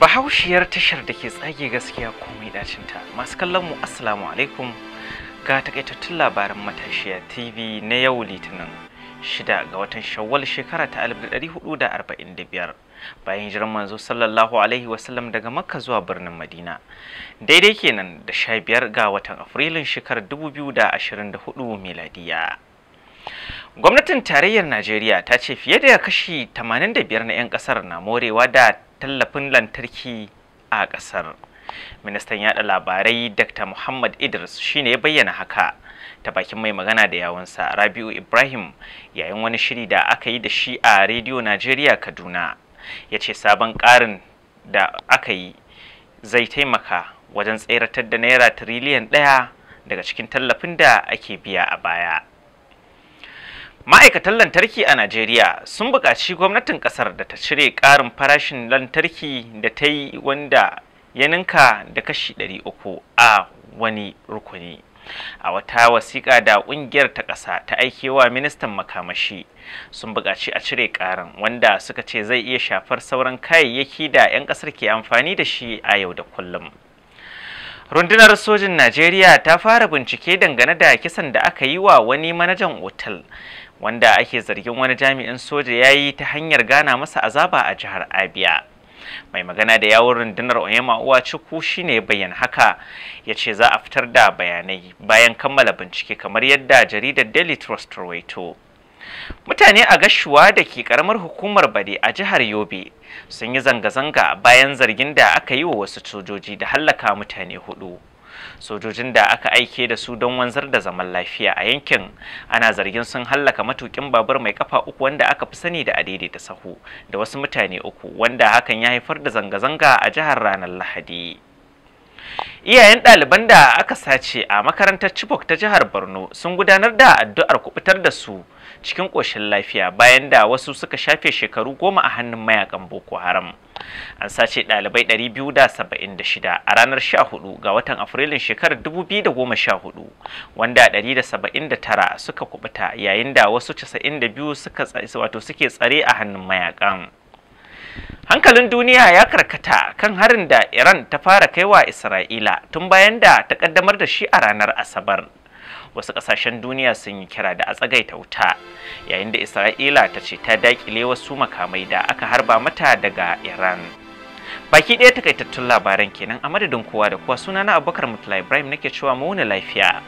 bahaushiyar tashar da ke tsage gaskiya komai dacinta masu kallon mu assalamu alaikum ga takaitattun labaran matashiya tv na yau litinin shida ga watan shawwal shekara ta 1445 bayan jiran manzo sallallahu alaihi wasallam daga makka zuwa birnin madina daidai kenan da 15 ga watan afrilun shekarar 2024 miladiya gwamnatin tarayyar najeriya ta ce fiye da kashi 85 na 'yan kasar na morewa da tallafin lantarki a ƙasar. Ministan yada labarai Dr. Muhammad Idris shine ya bayyana haka ta bakin mai magana da yawunsa Rabiu Ibrahim yayin wani shiri da aka yi da shi a Radio Najeriya Kaduna. Ya ce sabon ƙarin da aka yi zai taimaka wajen tseratar da naira tiriliyan ɗaya daga cikin tallafin da ake biya a baya. Ma'aikatan lantarki a Najeriya sun buƙaci gwamnatin ƙasar da ta cire ƙarin farashin lantarki da ta yi wanda ya ninka da kashi 300 a wani rukuni. A wata wasiƙa da ƙungiyar ta ƙasa ta aikewa ministan makamashi sun buƙaci a cire ƙarin wanda suka ce zai iya shafar sauran kayayyaki da 'yan ƙasar ke amfani da shi a yau da kullum. rundunar sojin najeriya ta fara bincike dangane da kisan da aka yi wa wani manajan otal wanda ake zargin wani jami'in soja ya yi ta hanyar gana masa azaba a jihar abia mai magana da yawon rundunar onyema uwa ciku shine bayan haka ya ce za a fitar da bayanai bayan kammala bincike kamar yadda jaridar daily trust rawaito mutane a gashuwa da ke karamar hukumar bade a jihar yobe sun yi zanga-zanga bayan zargin da aka yi wa wasu sojoji da hallaka mutane hudu sojojin da aka aike da su don wanzar da zaman lafiya a yankin ana zargin sun hallaka matukin babur mai kafa uku wanda aka fi sani da ta sahu da wasu mutane uku wanda hakan ya haifar da zanga-zanga a jihar ranar lahadi Iyayen ɗaliban da aka sace a makarantar Chibok ta jihar Borno sun gudanar da addu'ar kubutar da su cikin ƙoshin lafiya bayan da wasu suka shafe shekaru goma a hannun mayakan Boko Haram. An sace ɗalibai 276 a ranar 14 ga watan Afrilun shekarar 2014 wanda 179 suka kubuta yayin da wasu 92 suke tsare a hannun mayakan. Hankalin duniya ya karkata kan harin da Iran ta fara kaiwa Isra'ila tun bayan da ta kaddamar da shi a ranar Asabar. Wasu ƙasashen duniya sun yi kira da a tsagaita wuta, yayin da Isra'ila ta ce ta daƙile wasu makamai da aka harba mata daga Iran. Baki ɗaya takaitattun labaran kenan a madadin kowa da kowa sunana Abubakar Mutula Ibrahim nake cewa mu lafiya.